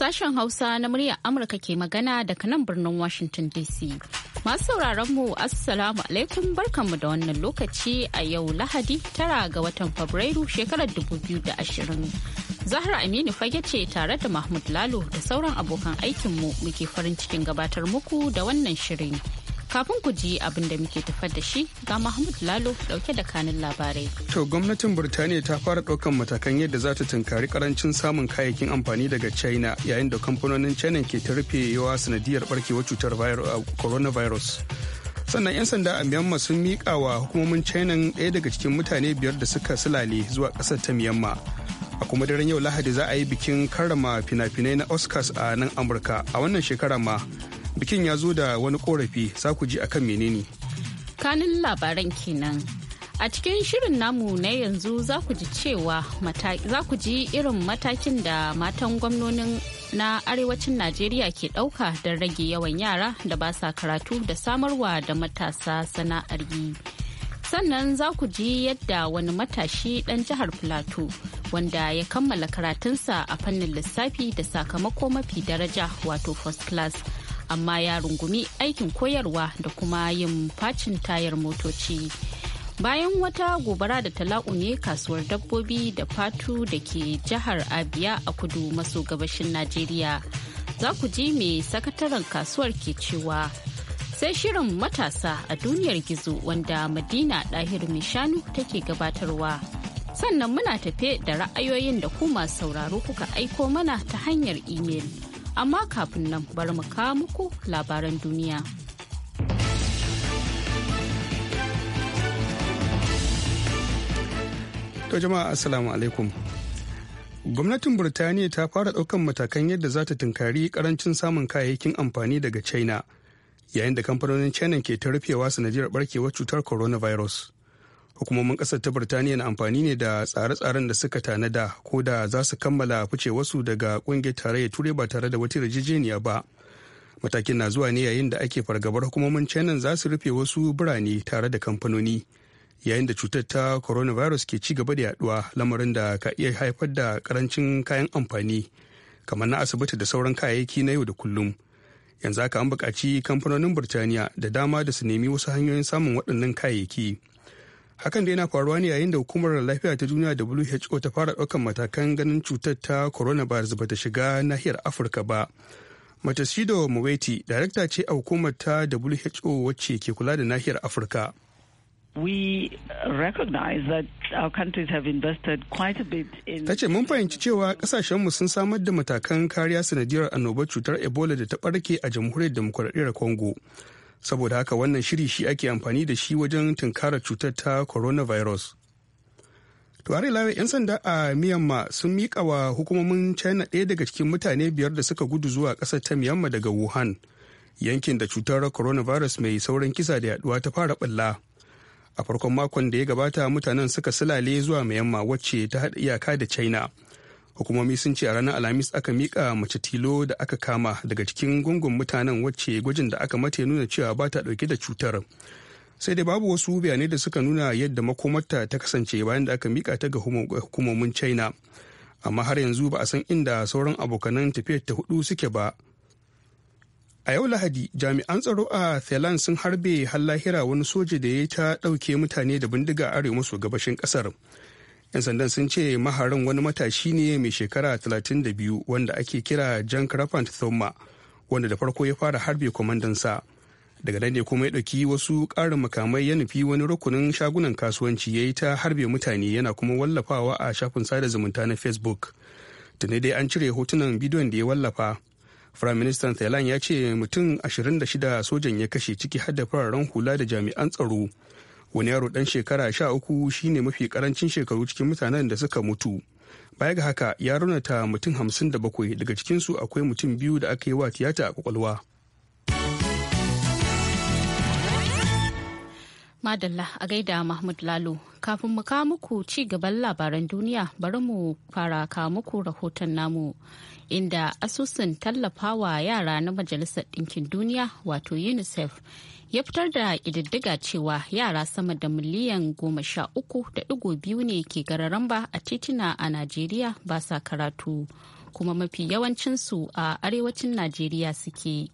Sashen Hausa na muryar Amurka ke magana daga nan birnin Washington DC. Masu sauraron mu Assalamu alaikum barkanmu da wannan lokaci a yau Lahadi tara ga watan Fabrairu shekarar dubu biyu da ashirin Zahra Aminu fage ce tare da Mahmud Lalo da sauran abokan aikinmu muke farin cikin gabatar muku da wannan shirin. Kafin ku ji abin da muke tafar da shi ga Mahmud Lalo dauke da kanin labarai. To gwamnatin Burtaniya ta fara ɗaukan matakan yadda za ta tunkari karancin samun kayayyakin amfani daga China yayin da kamfanonin China ke ta rufe rufewa sanadiyar barkewar cutar uh, coronavirus. Sannan 'yan sanda a Myanmar sun miƙa wa hukumomin China ɗaya daga cikin mutane biyar da suka silale zuwa ƙasar ta Myanmar. a kuma daren yau lahadi za a yi bikin karrama fina-finai na oscars a nan amurka a wannan shekara ma bikin ya zo da wani korafi za ku ji akan menene kanin labaran kenan a cikin shirin namu na yanzu za ku ji cewa za ku ji irin matakin da matan gwamnonin na arewacin najeriya ke ɗauka don rage yawan yara da ba sa karatu da samarwa da matasa sana'ar yi sannan za ku ji yadda wani matashi ɗan jihar plateau wanda ya kammala karatunsa a fannin lissafi da sakamako mafi daraja wato first class amma ya rungumi aikin koyarwa da kuma yin facin tayar motoci. bayan wata gobara da tala'u ne kasuwar dabbobi da fatu da ke jihar abia a kudu maso gabashin najeriya za ku ji mai sakataren kasuwar ke cewa sai shirin matasa a duniyar gizo wanda madina ɗahir mai shanu take gabatarwa sannan muna tafe da ra'ayoyin da kuma sauraro kuka aiko mana ta hanyar imel. amma kafin nan bari mu kawo muku labaran duniya. To jama'a assalamu alaikum. Gwamnatin Burtaniya ta fara ɗaukan matakan yadda za ta tunkari karancin samun kayayyakin amfani daga China, yayin da kamfanonin China ke ta rufewa sanadiyar barkewar cutar coronavirus. hukumomin kasar ta birtaniya na amfani ne da tsare-tsaren da suka tanada ko da za su kammala fice wasu daga kungiyar tarayyar turai ba tare da wata yarjejeniya ba matakin na zuwa ne yayin da ake fargabar hukumomin china za su rufe wasu birane tare da kamfanoni yayin da cutar ta coronavirus ke ci gaba da yaduwa lamarin da ka iya haifar da karancin kayan amfani kamar na asibiti da sauran kayayyaki na yau da kullum yanzu haka an buƙaci kamfanonin birtaniya da dama da su nemi wasu hanyoyin samun waɗannan kayayyaki hakan da yana faruwa ne yayin da hukumar lafiya ta duniya who ta fara ɗaukan matakan ganin cutar ta corona ba ta shiga nahiyar afirka ba matasido muweti darakta ce a hukumar ta who wacce ke kula da nahiyar afirka We recognize that our countries have invested quite bit in... Ta ce mun fahimci cewa kasashenmu sun samar da matakan kariya sanadiyar annobar cutar Ebola da ta barke a jamhuriyar demokuraɗiyyar Congo. saboda haka wannan shiri shi ake amfani da shi wajen tunkarar cutar ta coronavirus tuwari lawe 'yan sanda a miyamma sun miƙa wa hukumomin china ɗaya daga cikin mutane biyar da suka gudu zuwa ƙasar ta myanmar daga wuhan yankin da cutar coronavirus mai sauran kisa da yaduwa ta fara ɓalla a farkon makon da ya gabata mutanen suka silale zuwa myanmar wacce ta haɗa iyaka da china hukumomi sun ce a ranar alhamis aka mika mace tilo da aka kama daga cikin gungun mutanen wacce gwajin da aka mata nuna cewa ba ta dauke da cutar sai dai babu wasu bayanai da suka nuna yadda makomarta ta kasance bayan da aka mika ta ga hukumomin china amma har yanzu ba a san inda sauran abokanan tafiyar ta hudu suke ba a yau lahadi jami'an tsaro a thailand sun harbe har lahira wani soja da ya ta dauke mutane da bindiga arewa maso gabashin kasar. 'yan sandan sun ce maharin wani matashi ne mai shekara 32 wanda ake kira jan crafant thoma wanda da farko ya fara harbe kwamandansa daga nan ne kuma ya ɗauki wasu karin makamai ya nufi wani rukunin shagunan kasuwanci ya yi ta harbe mutane yana kuma wallafawa a shafin sada zumunta na facebook tuni dai an cire hotunan bidiyon da ya wallafa firayim ministan thailand ya ce mutum 26 sojan ya kashe ciki har da fararen hula da jami'an tsaro wani yaro dan shekara sha uku shine mafi karancin shekaru cikin mutanen da suka mutu baya ga haka ya raunata mutum hamsin da bakwai daga cikinsu akwai mutum biyu da aka yi wa tiyata a kwakwalwa madalla a gaida mahmud lalo kafin mu kawo muku ci gaban labaran duniya bari mu fara kawo muku rahoton namu inda asusun tallafawa yara na majalisar ɗinkin duniya wato unicef ya fitar da kididdiga cewa yara sama da miliyan goma sha uku da ɗigo biyu ne ke gararan ba a titina a najeriya ba sa karatu kuma mafi yawancinsu a arewacin najeriya suke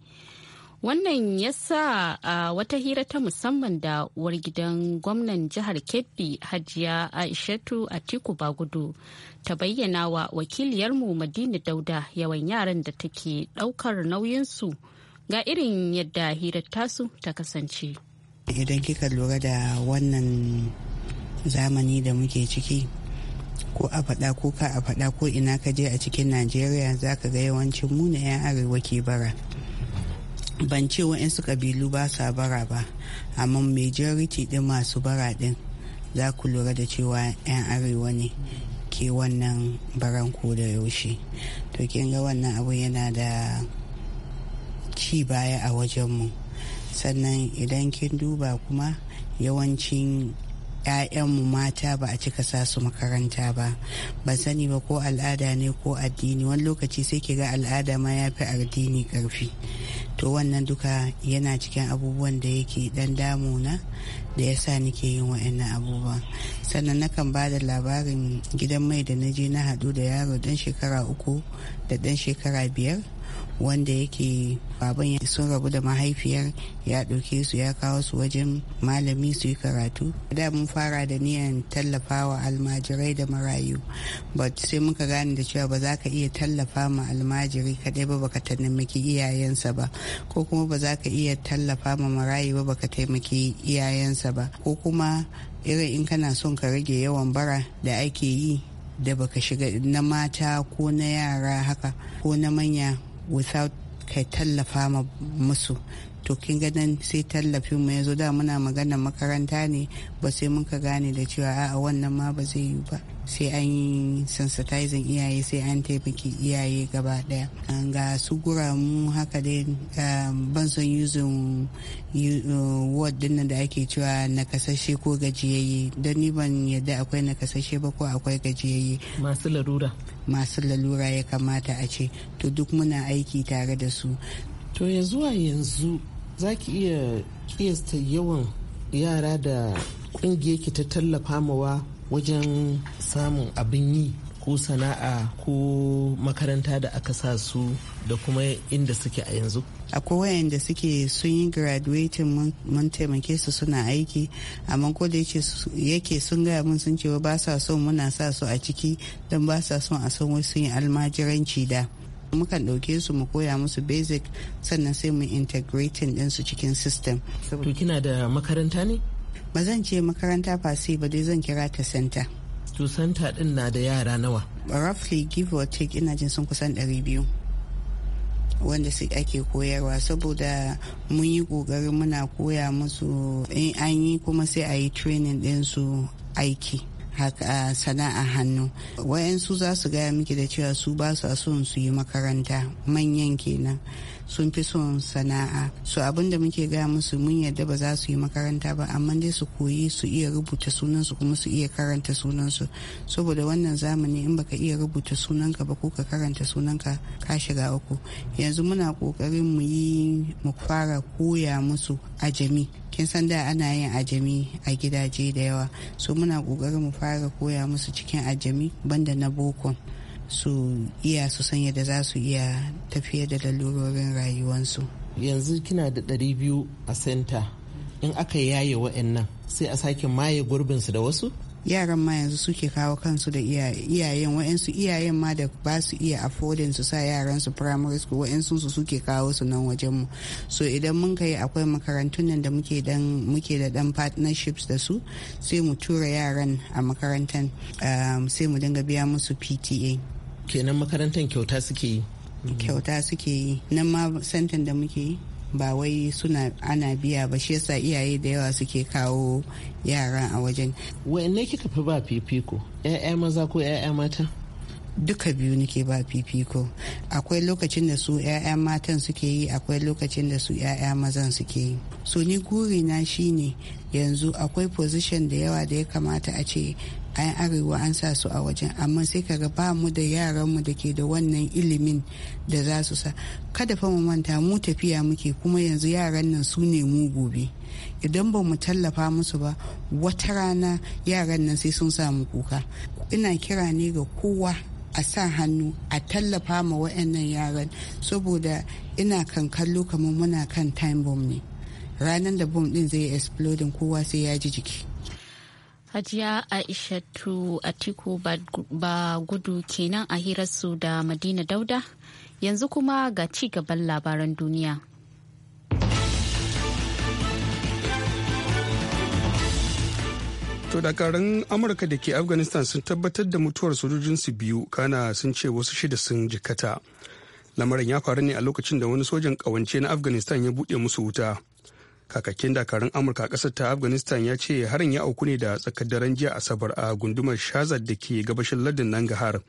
wannan ya sa a wata hira ta musamman da uwar gidan gwamnan jihar kebbi hajiya aishatu atiku bagudu ta bayyana wa wakiliyarmu madina dauda yawan yaran da take daukar nauyinsu ga irin yadda hirar tasu ta kasance idan kika lura da wannan zamani da muke ciki ko a faɗa ko ka a faɗa ko ina ka je a cikin najeriya za ka ga yawancin mu na 'yan arewa ke bara ban ce su ƙabilu ba sa bara ba amma majority ɗin masu bara ɗin za ku lura da cewa 'yan arewa ne ke wannan baran ko da yaushe to kin ga wannan abu yana da ci baya a wajenmu sannan idan kin duba kuma yawancin 'ya'yanmu mata ba a cika sa su makaranta ba ba sani ba ko al'ada ne ko addini wani lokaci sai ki ga al'ada ma ya fi addini karfi to wannan duka yana cikin abubuwan da yake dan damuna da ya sa nike yin wa'annan abubuwa sannan nakan ba da labarin gidan mai da na je na haɗu da yaro dan shekara uku da dan shekara biyar wanda yake baban sun rabu da mahaifiyar ya ɗauke su ya kawo su wajen malami su yi karatu da mun fara da niyan tallafawa almajirai da marayu but sai muka gane da cewa ba za ka iya tallafa ma almajiri kaɗai ba baka taimaki iyayensa ba ko kuma ba za ka iya tallafa ma marayu ba baka taimaki iyayensa ba ko kuma irin in kana son ka rage yawan bara da ake yi da baka shiga na mata ko na yara haka ko na manya without kai tallafa musu to kin ganin sai tallafin mu yazo da muna magana makaranta ne ba sai mun ka gane da cewa a'a wannan ma ba zai yi ba sai an yi sensitizing iyaye sai an taimaki iyaye gaba daya ga su gura mu haka dai um, ban son yuzin uh, word da ake cewa nakasashe ko gajiyayye don ni ban yadda akwai nakasashe ba ko akwai gajiyayye masu larura masu lalura ya kamata a ce to duk muna aiki tare da su to yanzu zuwa yanzu za ki iya kiyasta yawan yara da kungiyar ki ta tallafa mawa wajen samun abin yi ko sana'a ko makaranta da aka sa su da kuma inda suke a yanzu akwai wayanda suke sun yi graduating mun taimake su suna aiki amma ko da yake sun gaya mun sun cewa ba sa son muna sa su a ciki don ba sa son a san wasu yin almajiranci da mukan ɗauke su mu koya musu basic sannan sai mu integrating su cikin system. to kina da makaranta ne? ba zan ce makaranta fasi ba dai zan kira ta santa to santa din na da yara nawa roughly give or take ina jin sun kusan 200 wanda su ake koyarwa saboda mun yi kokarin muna koya musu in an yi kuma sai a yi training din su aiki haka sana'a hannu wayansu za su gaya miki da cewa su ba su son su yi makaranta manyan kenan sun fi son sana'a su abin da muke gaya musu mun yadda ba za su yi makaranta ba amma dai su koyi su iya rubuta sunansu kuma su iya karanta sunansu saboda wannan zamani in baka iya rubuta sunanka ba ko ka karanta sunanka ka shiga uku yanzu muna kokarin mu yi mu fara koya musu ajami kin san da ana yin ajami a gidaje da yawa so muna kokarin mu fara koya musu cikin ajami banda na boko su iya su san yadda za su iya tafiya da lalurorin rayuwansu yanzu kina da ɗari biyu a senta in aka yaye wa'annan sai a sake maye gurbinsu da wasu yaran ma yanzu suke kawo kansu da iyayen wa'yansu iyayen ma da ba su iya affordin su sa yaran su primary school wa'ansu su suke kawo su nan wajen mu so idan mun kai akwai makarantun nan da muke dan muke da dan partnerships da su sai mu tura yaran a makarantan um, sai mu dinga biya musu PTA kenan makarantan kyauta suke yi kyauta suke yi nan ma santan da muke yi ba wai suna ana biya ba shi yasa iyaye da yawa suke kawo yara a wajen wanne kika fi ba fifiko ya'ya maza ko ya'ya mata duka biyu nake ba fifiko akwai lokacin da su 'ya'ya matan suke yi akwai lokacin da su 'ya'ya mazan suke yi so ni guri na shine yanzu akwai position da yawa da ya kamata a ce 'yan arewa an sa su a wajen amma sai kaga ba mu da yaran mu da ke da wannan ilimin da za su sa kada fa mu manta mu tafiya muke kuma yanzu yaran nan su ne mu gobe idan ba mu tallafa musu ba wata rana yaran nan sai sun samu kuka ina kira ne ga kowa a sa hannu a tallafa ma waɗannan yaran saboda ina kan kallo kamar muna kan time bomb ne ranar da bomb din zai exploding kowa sai ya ji jiki Hajiya Aishatu Atiku ba gudu kenan a hirarsu da Madina Dauda yanzu kuma ga ci gaban labaran duniya. To dakarun Amurka da ke Afghanistan sun tabbatar da mutuwar sojojinsu biyu kana sun ce wasu shida sun jikata. Lamarin ya faru ne a lokacin da wani sojan ƙawance na Afghanistan ya buɗe musu wuta. kakakin dakarun amurka a kasar ta afghanistan ya ce harin ya auku ne da tsakar daren jiya asabar a gundumar shazad da ke gabashin ladin nan gahar,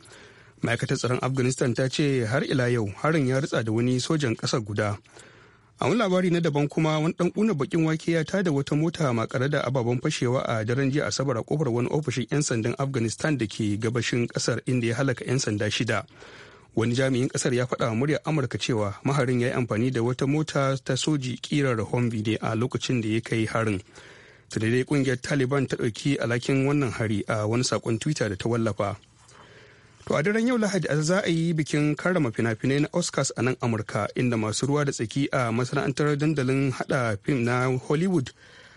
ma'aikatar tsaron afghanistan ta ce har ila yau harin ya ritsa da wani sojan kasar guda a wani labari na daban kuma wani dan kuna bakin wake ya tada wata mota makare da ababen fashewa a daren jiya asabar a kofar wani ofishin 'yan sandan afghanistan da ke gabashin kasar inda ya halaka 'yan sanda shida wani jami'in kasar ya faɗa wa muryar amurka cewa maharin ya yi amfani da wata mota ta soji kirar hombi ne a lokacin da ya kai harin ta daidai kungiyar taliban ta ɗauki alhakin wannan hari a wani sakon twitter da ta wallafa to a daren yau lahadi za a yi bikin karrama fina-finai na oscars a nan amurka inda masu ruwa da tsaki a masana'antar dandalin hada fim na hollywood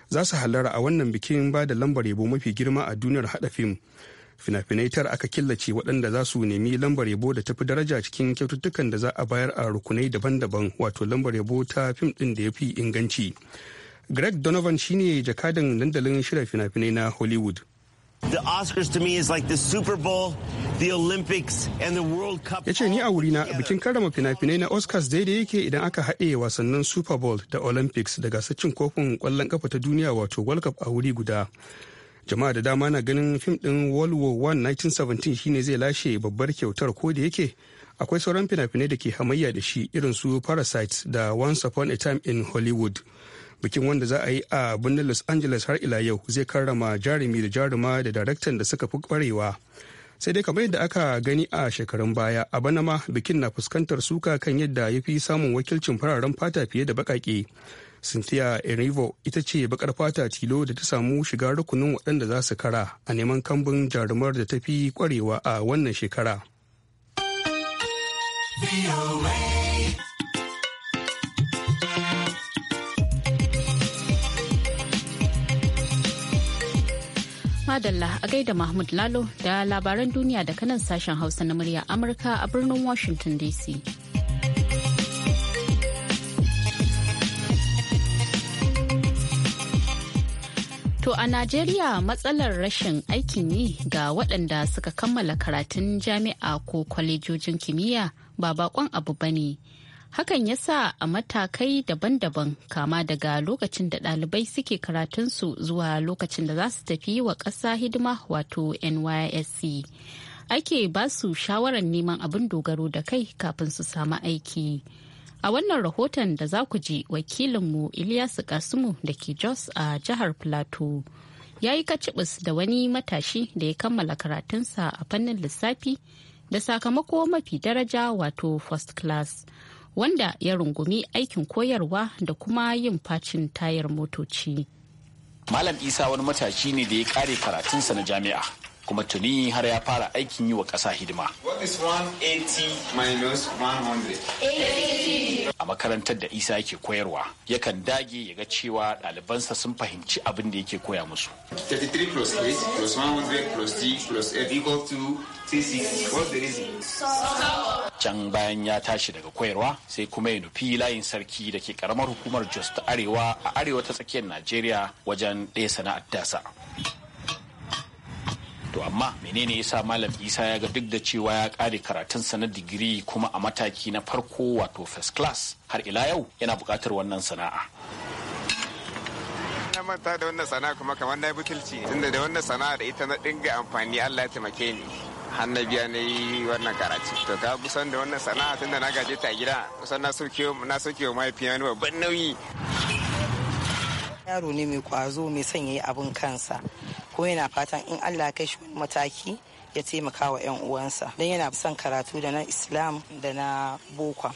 za su halara a wannan bikin ba da lambar yabo mafi girma a duniyar hada fim fina finaitar aka killace waɗanda za su nemi lambar yabo da tafi daraja cikin kyaututtukan da za a bayar a rukunai daban-daban wato lambar yabo ta fim ɗin da ya fi inganci greg donovan shine jakadan dandalin shirya fina-finai na hollywood The Oscars to me is like the Super Bowl, the Olympics and the World Cup. yace ni a wurina bikin karrama fina-finai na Oscars daidai yake idan aka haɗe wasannin Super Bowl da Olympics da gasar cin kofin ƙwallon kafa ta duniya wato World Cup a wuri guda. jama'a da dama na ganin fim din world war 1 1917 shine zai lashe babbar kyautar ko da yake akwai sauran fina-finai da ke hamayya da shi irin su parasite da once upon a time in hollywood bikin wanda za a yi a birnin los angeles har ila yau zai karrama jarumi da jaruma da daraktan da suka fi kwarewa sai dai kamar yadda aka gani a shekarun baya a bana ma bikin na fuskantar suka kan yadda ya fi samun wakilcin fararen fata fiye da baƙaƙe cynthia erivo ita ce bakar fata tilo da ta samu shiga rukunin waɗanda za su kara a neman kambun jarumar da ta fi kwarewa a wannan shekara Madalla a gaida Mahmud Lalo da labaran duniya daga nan sashen Hausa na murya Amurka a birnin Washington DC. To a Najeriya matsalar rashin aikin yi ga waɗanda suka kammala karatun jami'a ko kwalejojin kimiyya ba bakon abu ba ne. Hakan ya sa a matakai daban-daban kama daga lokacin da ɗalibai suke karatunsu zuwa lokacin da za su tafi wa ƙasa hidima wato NYSC. Ake ba su shawarar neman abin dogaro da kai kafin su samu aiki. A wannan rahoton da za ku ji wakilinmu Ilyasu Kasimu da ke Jos a jihar Plateau ya yi kacibis da wani matashi da ya kammala karatunsa a fannin lissafi da sakamako mafi daraja wato first class wanda ya rungumi aikin koyarwa da kuma yin facin tayar motoci. Malam Isa wani matashi ne da ya kare karatunsa na jami'a. kuma tuni har ya fara aikin yi wa ƙasa hidima. A makarantar da Isa yake koyarwa, yakan dage ya ga cewa ɗalibansa sun fahimci abin da yake koya musu. Can bayan ya tashi daga koyarwa sai kuma ya nufi layin sarki da ke karamar hukumar Jos ta Arewa a arewa ta tsakiyar Najeriya wajen ɗaya sana'ar dasa. to amma menene yasa malam isa ya ga duk da cewa ya kare karatunsa na digiri kuma a mataki na farko wato first class har ila yau yana buƙatar wannan sana'a na manta da wannan sana'a kuma kamar na butulci tunda da wannan sana'a da ita na dinga amfani Allah ya taimake ni har na biya na yi wannan karatu to ka kusan da wannan sana'a tunda na gaje ta gida kusan na sauke wa mahaifi wani babban nauyi yaro ne mai kwazo mai son yayi abin kansa kuma yana fatan in Allah kai shi mataki ya taimaka wa 'yan uwansa don yana son karatu da na islam da na boko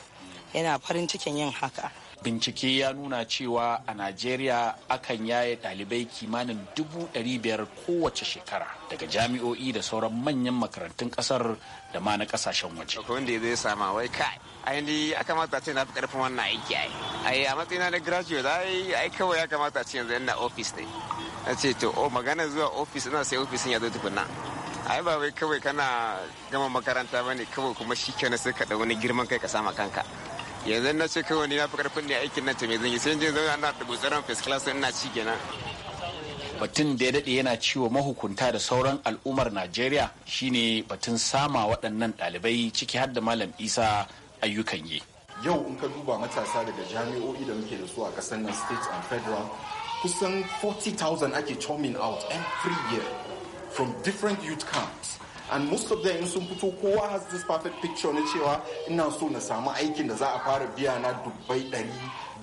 yana farin cikin yin haka bincike ya nuna cewa a najeriya akan yaye dalibai kimanin dubu biyar kowace shekara daga jami'o'i da sauran manyan makarantun kasar da ma na kasashen waje wanda zai sama wai kai ainihi ya kamata ce na fi karfin wannan aiki ai a matsayina na graduate ai kawai ya kamata ce yanzu yana office ne na ce to o oh, magana zuwa ofis ina sai ofisin ya zo tukuna ai ba wai kawai kana gama makaranta ba kawai kuma shi kenan sai ka da wani girman kai ka sama kanka yanzu na ce kawai ni na fi karfin ne aikin nan to me zan yi sai je zauna ina da gutsaran first class ina ci kenan batun da ya dade yana ciwo mahukunta da sauran al'ummar najeriya shine batun sama waɗannan ɗalibai ciki har da malam isa ayyukan yi yau in ka duba matasa daga jami'o'i da muke da su a ƙasar nan state and federal kusan 40,000 ake churning out every year from different youth camps. And most of them sun fito kowa has this perfect picture na cewa ina so na samu aikin da za a fara biya na dubbai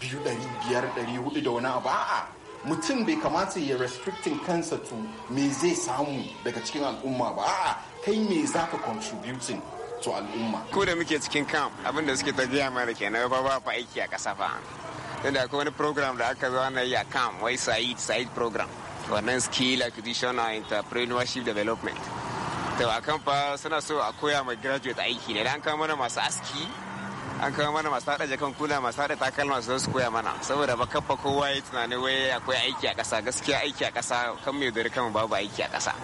200, 500, 400 da wani abu. A'a, mutum bai kamata ya restricting kansa to me zai samu daga cikin al'umma ba a'a kai me za ka contributing to al'umma ko da muke cikin camp abin da suke ta gaya mana kenan ba ba aiki a ƙasa fa tunda akwai wani program da aka zo na yakam a wai said said program wannan skill acquisition and entrepreneurship development to a kan fa suna so a koya ma graduate aiki ne da an kawo mana masu aski an kawo mana masu haɗa jakan kula masu haɗa takalma su su koya mana saboda ba kafa kowa ya tunani wai akwai aiki a ƙasa gaskiya aiki a ƙasa kan mai dare kan babu aiki a ƙasa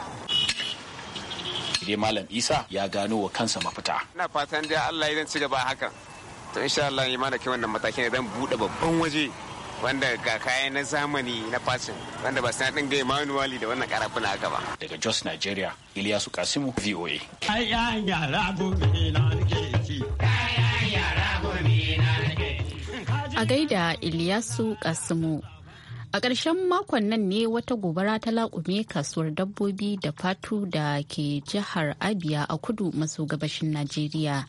dai malam isa ya gano wa kansa mafita ina fatan dai allah ya zan ci gaba hakan to insha Allah ya mana kai wannan matakin zan bude babban waje wanda ga kayan na zamani na fashion wanda ba sai dinga manuwali da wannan karafin haka ba daga Jos Nigeria Ilyasu Kasimu VOA a gaida Ilyasu Kasimu A ƙarshen makon nan ne wata gobara ta laƙume kasuwar dabbobi da fatu da ke jihar Abia a kudu maso gabashin Najeriya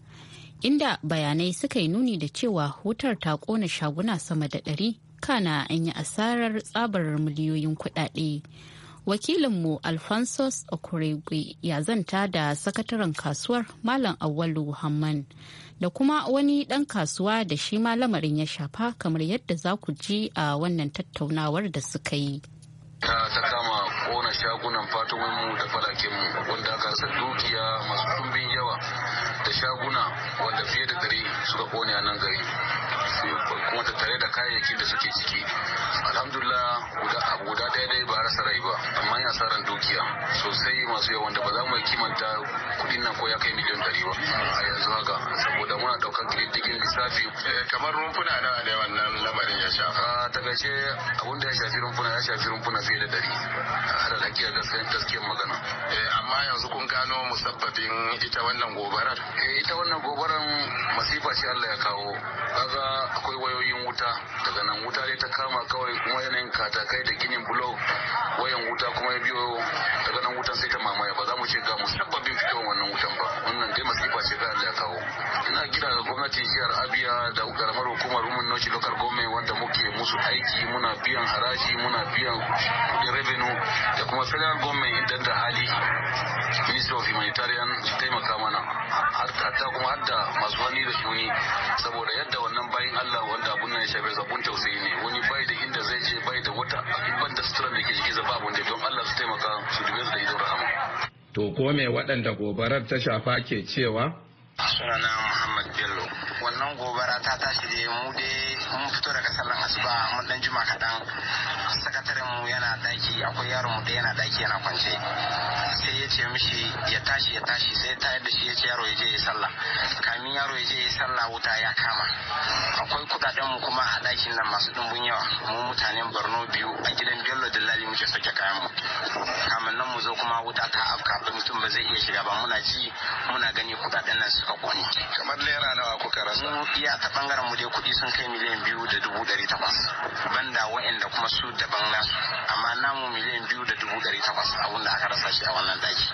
inda bayanai suka yi nuni da cewa wutar ta kona shaguna sama da ɗari kana an yi asarar tsabar miliyoyin kuɗaɗe. Wakilinmu Alphonsus Okuregwe ya zanta da sakataren kasuwar Malam Awalu Hamman da kuma wani ɗan kasuwa da shi ma lamarin ya shafa kamar yadda za ku ji a wannan tattaunawar da suka yi. ta kama kona shagunan mu da falakinmu wanda aka dukiya masu tumbin yawa da shaguna wanda fiye da dari suka kone a nan gari kuma tare da kayayyakin da suke ciki alhamdulillah guda ɗaya dai ba rasa rai ba amma yin asaran dukiya sosai masu yawan da ba za mu yi kimanta kudin nan ko ya kai miliyan ɗari ba a yanzu haka saboda muna ɗaukar girgin lissafi Eh, kamar rumfuna na ne wannan lamarin ya shafa takaice abinda ya shafi rumfuna ya shafi rumfuna fiye da dari har alhakiyar gaskiyar gaskiyar magana eh, amma yanzu kun gano musabbabin ita wannan gobarar eh, ita wannan gobarar masifa ce Allah ya kawo kaga akwai wayoyin wuta daga nan wuta dai ta kama kawai kuma yanayin katakai da ginin blog wayan wuta kuma ya biyo daga nan wutan sai ta mamaya ba za mu ce ga musabbabin fitowar wannan wutan ba wannan dai masifa ce ga Allah ya kawo ina kira ga gwamnatin jihar Abia da karamar hukumar rumun noci local gome wanda muke musu aiki muna biyan haraji muna biyan kudin revenue da kuma federal government idan da hali ministry of humanitarian taimaka mana har ta kuma har da masu wani da shuni saboda yadda wannan bayan allah wanda abun nan ya shafi zabun tausayi ne wani bai da inda zai je bai da wata ban da sutura da ke jiki zaba abun da don allah su taimaka su dubi su da ido rahama. to ko me waɗanda gobarar ta shafa ke cewa sunana muhammad bello wannan gobara ta tashi da mu dai mun fito daga sallan asuba mun dan juma kaɗan sakataren mu yana daki akwai yaron mu da yana daki yana kwance sai ya ce mishi ya tashi ya tashi sai ta yadda shi ya ce yaro ya je ya salla kamin yaro ya je ya salla wuta ya kama akwai kudaden mu kuma a dakin nan masu dumbun yawa mu mutanen borno biyu a gidan bello dillali muke sake kayan mu kamin nan mu zo kuma wuta ta afka mutum ba zai iya shiga ba muna ji muna gani kudaden nan su aka kwance kamar naira nawa kuka rasa iya ta bangaren mu dai kuɗi sun kai miliyan biyu da dubu ɗari takwas banda wa'anda kuma su daban nasu amma namu miliyan biyu da dubu ɗari takwas abun da aka rasa shi a wannan daki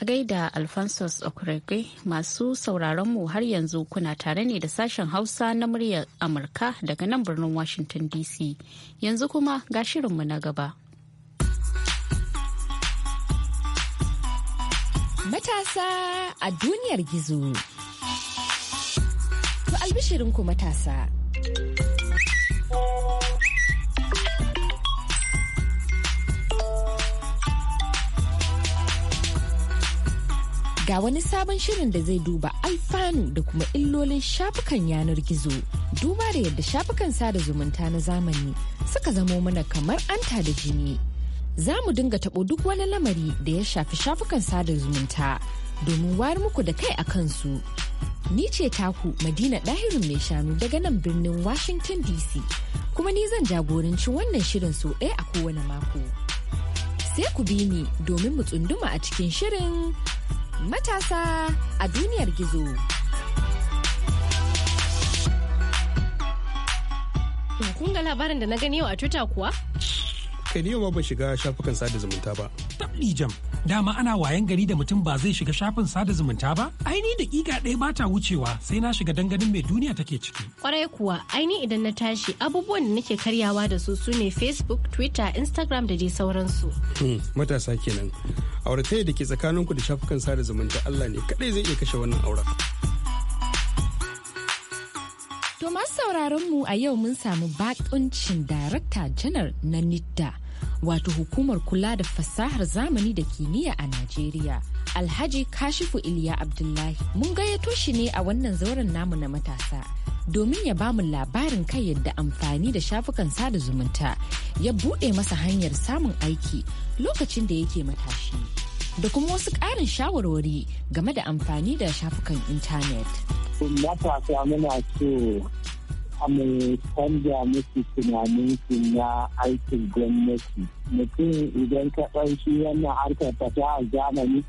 A gaida Alphonsus Okurege masu sauraron mu har yanzu kuna tare ne da sashen Hausa na muryar Amurka daga nan birnin Washington DC. Yanzu kuma ga shirinmu na gaba. Matasa a duniyar gizo. To albishirinku matasa. Ga wani sabon shirin da zai duba alfanu da kuma illolin shafukan yanar gizo. Duba da yadda shafukan sada zumunta na zamani suka zamo mana kamar anta da jini. za mu dinga taɓo duk wani lamari da ya shafi shafukan sada zumunta domin wari muku da kai a kansu. Ni ce taku Madina Ɗahirin mai shanu daga nan birnin Washington DC, kuma ni zan jagoranci wannan shirin so ɗaya a kowane mako. Sai ku bi ni domin mu tsunduma a cikin shirin matasa a duniyar gizo. Kun ga labarin da na gani yau a Twitter kuwa? kai ba ma ba shiga shafukan sada zumunta ba. Tabli jam, dama ana wayan gari da mutum ba zai shiga shafin sada zumunta ba? aini da dakika ɗaya ba ta wucewa sai na shiga danganin mai duniya take ciki. Kwarai kuwa, aini idan na tashi abubuwan da nake karyawa da su su ne Facebook, Twitter, Instagram da dai sauransu. Hmm, matasa kenan. Auratayya da ke tsakaninku da shafukan sada zumunta Allah ne kaɗai zai iya kashe wannan auren. mu a yau mun samu bakuncin darakta janar na nidda wato hukumar kula da fasahar zamani da kimiyya a Najeriya. Alhaji Kashifu Iliya Abdullahi mun gayyato shi ne a wannan zauren namu na matasa domin ya bamu labarin kai yadda amfani da shafukan sada zumunta ya buɗe masa hanyar samun aiki lokacin da yake matashi. Da kuma wasu ƙarin shawarwari game da amfani da shafukan intanet. Matasa muna so amu canza musu su na aikin gwamnati mutum idan ka ɗauki wannan harkar fasaha zamani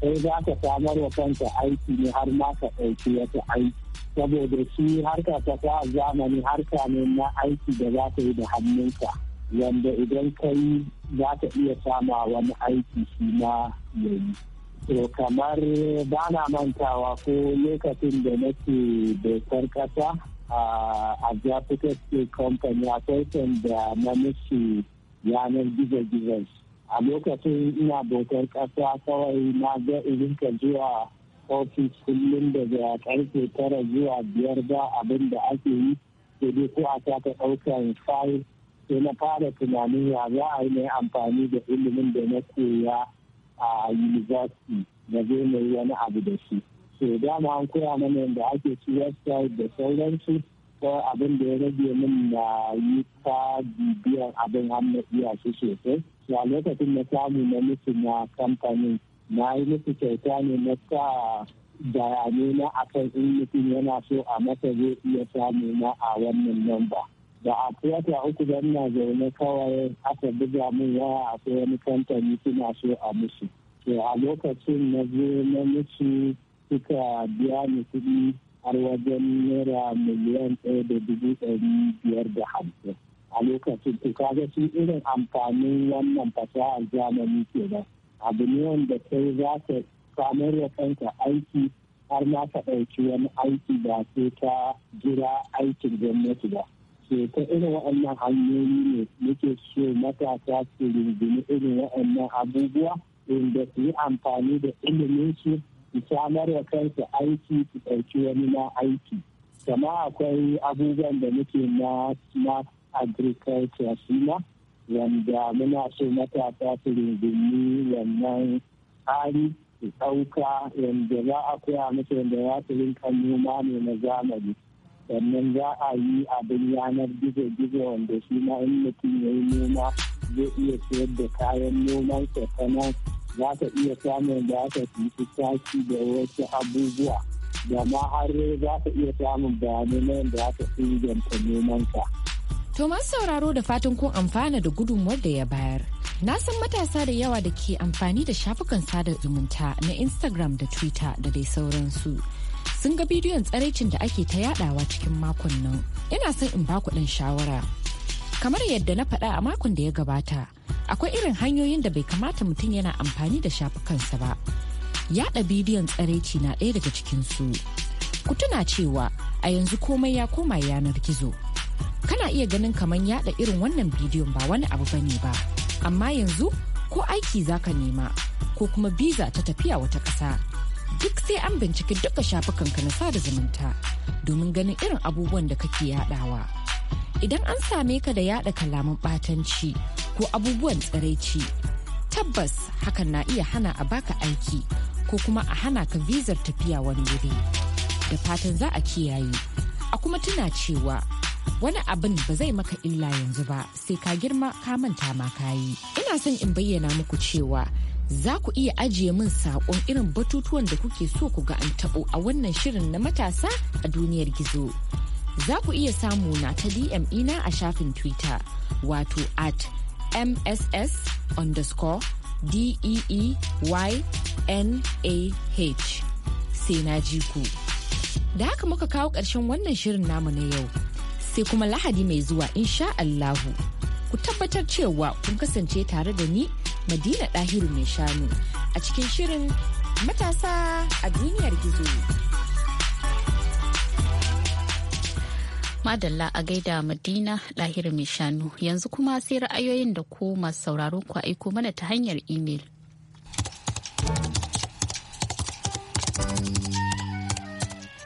sai za ka samar wa kanta aiki ne har ma ka ɗauki wata aiki saboda shi harkar fasaha zamani harka ne na aiki da za ka yi da hannunka wanda idan ka yi za ka iya sama wani aiki shi ma yayi to kamar ba na mantawa ko lokacin da nake dokar ƙasa a Japan State Company akwai da na musu yanar gizo-gizo. A lokacin ina bautar ƙasa kawai na ga irinka zuwa ofis kullum daga karfe tara zuwa biyar ba abin da ake yi sai ko a sake ɗaukar fayil sai na fara tunanin ya za a yi mai amfani da ilimin da na koya a university da zai mai wani abu da shi. to dama an koya mana yadda ake ci website da sauransu ko abin da ya rage min na yi ta bibiyar abin hannu iya su sosai a lokacin na samu na musu na kamfani na yi musu kyauta ne na sa bayanai na akan in mutum yana so a masa zai iya samu na a wannan namba da a wata uku da ina zaune kawai aka buga min waya akwai wani kamfani suna so a musu to a lokacin na zo na musu suka biya ni kuɗi har wajen naira miliyan ɗaya da dubu ɗari biyar da hamsin a lokacin to kaga shi irin amfanin wannan fasahar zamani ba abu ne wanda kai za ka samar da kanka aiki har ma ka ɗauki wani aiki ba sai ka jira aikin gwamnati ba so ta irin waɗannan hanyoyi ne muke so matasa su rungumi irin waɗannan abubuwa inda su yi amfani da ilimin su su samar wa kansu aiki su ɗauki wani na aiki kama akwai abubuwan da muke na smart agriculture shima wanda muna so matasa su rungumi wannan tsari su ɗauka yadda za a koya musu yadda za su rinka noma ne na zamani sannan za a yi abin yanar gizo-gizo wanda shi ma in mutum ya yi noma zai iya siyar da kayan noman sa za ka iya samun da aka fi tashi da wasu abubuwa da ma har za ka iya samun bayanai na da aka inganta nomanka. To masu sauraro da fatan kun amfana da gudunmuwar da ya bayar. Na san matasa da yawa da ke amfani da shafukan sada zumunta na Instagram da Twitter da dai sauransu. Sun ga bidiyon tsaraicin da ake ta yadawa cikin makon nan. Ina son in ba ku ɗan shawara. Kamar yadda na faɗa a makon da ya gabata, akwai irin hanyoyin da bai kamata mutum yana amfani da shafukansa ba yada bidiyon tsareci na ɗaya daga cikinsu ku tuna cewa a yanzu komai ya koma yanar gizo kana iya ganin kamar yada irin wannan bidiyon ba wani abu bane ba amma yanzu ko aiki zaka nema ko kuma biza ta tafiya wata ƙasa duk sai an binciki duka shafukanka na sada zumunta domin ganin irin abubuwan da kake yadawa idan an same ka da yada kalaman ɓatanci ko abubuwan tsiraici tabbas hakan na iya hana a baka aiki ko kuma a hana ka vizar tafiya wani wuri da fatan za a kiyaye a kuma tuna cewa wani abin ba zai maka illa yanzu ba sai ka girma ka manta ma kayi ina son in bayyana muku cewa za ku iya ajiye min saƙon irin batutuwan da kuke so ku ga an taɓo a wannan shirin na matasa a duniyar gizo za ku iya samu na ta dm ina a shafin twitter wato at mss underscore d-e-e-y-n-a-h sai na ji ku da haka muka kawo ƙarshen wannan shirin namu na yau sai kuma lahadi mai zuwa insha allahu ku tabbatar cewa kun kasance tare da ni madina ɗahiru mai shanu a cikin shirin matasa a duniyar gizo. Madalla a gaida Madina Lahir Mai Shanu yanzu kuma sai ra'ayoyin da ku masu sauraron ku aiko mana ta hanyar imel.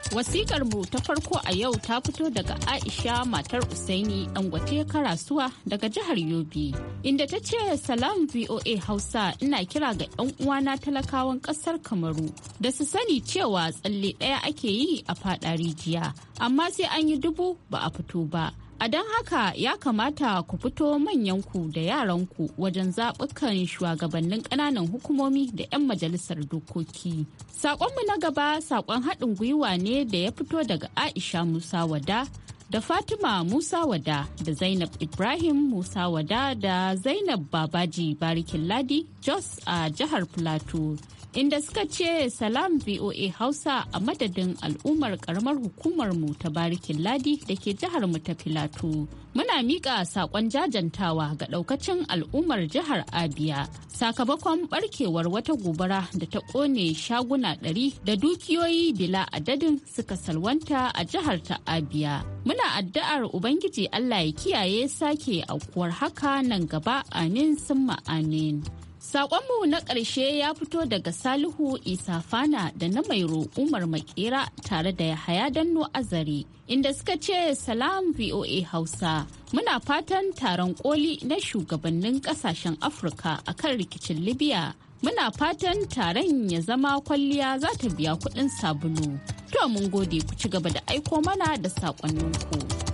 Wasikar mu ta farko a yau ta fito daga Aisha matar Usaini Dangote Karasuwa daga jihar Yobe, inda ta ce salam VOA Hausa ina kira ga 'yan uwana talakawan ƙasar Kamaru da su sani cewa tsalle ɗaya ake yi a faɗa rijiya, amma sai an yi dubu ba a fito ba. A don haka ya kamata ku fito manyanku da yaranku wajen zaɓukan shugabannin ƙananan hukumomi da 'yan majalisar dokoki. Saƙonmu na gaba saƙon haɗin gwiwa ne da ya fito daga Aisha Musa Wada da Fatima Musa Wada da Zainab Ibrahim Musa Wada da Zainab Babaji Barikin Ladi Jos a jihar Plateau. inda suka ce salam voa hausa a madadin al'ummar karamar hukumar mu ta barikin ladi da ke jihar mu ta Filatu muna miƙa saƙon jajantawa ga ɗaukacin al'ummar jihar abia sakamakon barkewar wata gobara da ta ƙone shaguna ɗari da dukiyoyi bila adadin suka salwanta a jihar ta abia muna addu'ar ubangiji allah ya kiyaye sake aukuwar haka nan gaba amin summa amin Sakonmu na ƙarshe ya fito daga Salihu isa fana da na mai Umar Makera tare da Yahaya Danno Azare inda suka ce Salam VOA Hausa. Muna fatan taron koli na shugabannin ƙasashen Afirka akan rikicin Libya. Muna fatan taron ya zama kwalliya za ta biya kuɗin sabulu. To mun gode ku ci gaba da aiko mana da saƙonninku.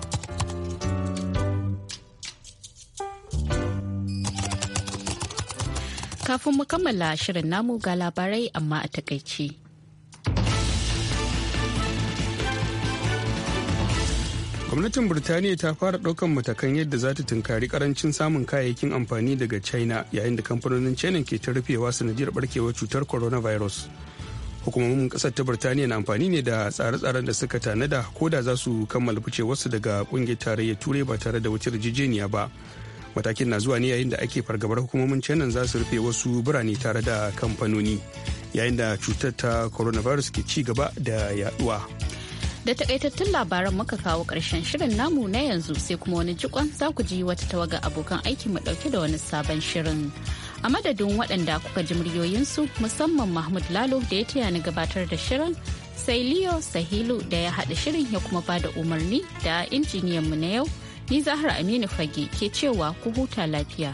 Kafin mu kammala shirin namu ga labarai amma a takaici. Gwamnatin burtaniya ta fara ɗaukan matakan yadda za ta tunkari karancin samun kayayyakin amfani daga China yayin da kamfanonin China ke ta rufewa sanadiyar barkewar cutar coronavirus. Hukumomin ƙasar ta burtaniya na amfani ne da tsare-tsaren da suka tanada ko da za su kammala ficewarsu daga ƙungiyar tarayyar Turai ba tare da wata yarjejeniya ba. matakin na zuwa ne yayin da ake fargabar hukumomin canan za su rufe wasu birane tare da kamfanoni yayin da cutar ta coronavirus ke ci gaba da yaduwa da takaitattun labaran muka kawo karshen shirin namu na yanzu sai kuma wani jikon za ku ji wata tawaga abokan aiki mu dauke da wani sabon shirin a madadin waɗanda kuka ji muryoyinsu musamman mahmud lalo da ya taya ni gabatar da shirin sai leo sahilu da ya haɗa shirin ya kuma ba da umarni da injiniyanmu na yau Ni Zahra Aminu Fage ke cewa ku huta lafiya.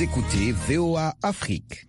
écoutez VOA Afrique.